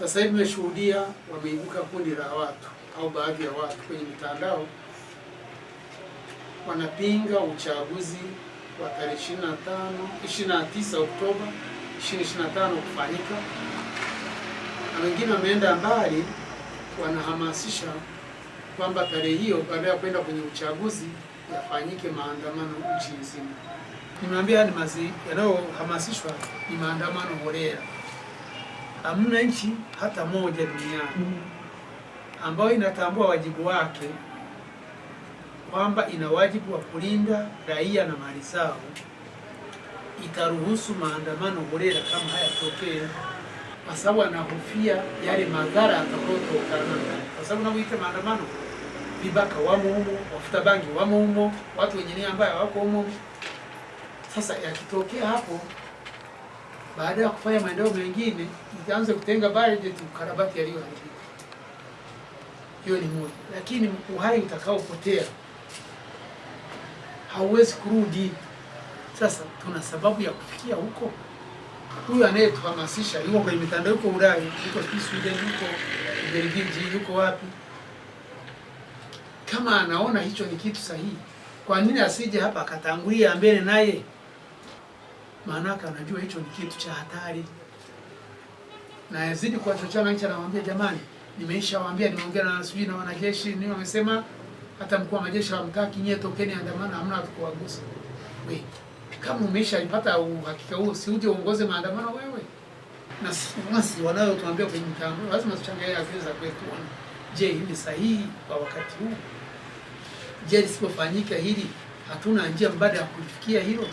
Sasa hivi tumeshuhudia wameibuka kundi la watu au baadhi ya watu kwenye mitandao wanapinga uchaguzi wa tarehe 25 29 Oktoba 2025 kufanyika, na wengine wameenda mbali, wanahamasisha kwamba tarehe hiyo baada ya kwenda kwenye uchaguzi yafanyike maandamano nchi nzima. Nimeambia ni mazi yanayohamasishwa ni maandamano holela hamna nchi hata moja duniani ambayo inatambua wajibu wake kwamba ina wajibu wa kulinda raia na mali zao itaruhusu maandamano holela kama haya tokea, kwa sababu anahofia yale madhara atakayotokana kwa sababu nakuita maandamano, vibaka wamo humo, wafuta bangi wamo humo, watu wengine ambayo hawako humo. Sasa yakitokea hapo baada ya kufanya maendeleo mengine zianze kutenga bajeti ukarabati yaliyoharibika. Hiyo ni moja, lakini uhai utakaopotea hauwezi kurudi. Sasa tuna sababu ya kufikia huko. Huyu anayetuhamasisha yuko kwenye mitandao, yuko Ulaya, yuko Sweden, yuko Ubelgiji, yuko wapi? Kama anaona hicho ni kitu sahihi, kwa nini asije hapa akatangulia mbele naye? maanake anajua hicho ni kitu cha hatari, na yazidi kuwachochea wananchi, anamwambia jamani, nimeishawaambia, nimeongea na sijui na wanajeshi ni wamesema hata mkuu wa majeshi hamtaki nyie, tokeni andamana, hamna tukuwagusa. We, kama umeshaipata uhakika huo, si uje uongoze maandamano wewe. Na sisi wanayotuambia kwenye mtandao, lazima tuchangae akili za kwetu. Je, hili sahihi kwa wakati huu? Je, lisipofanyika hili hatuna njia mbadala ya kulifikia hilo?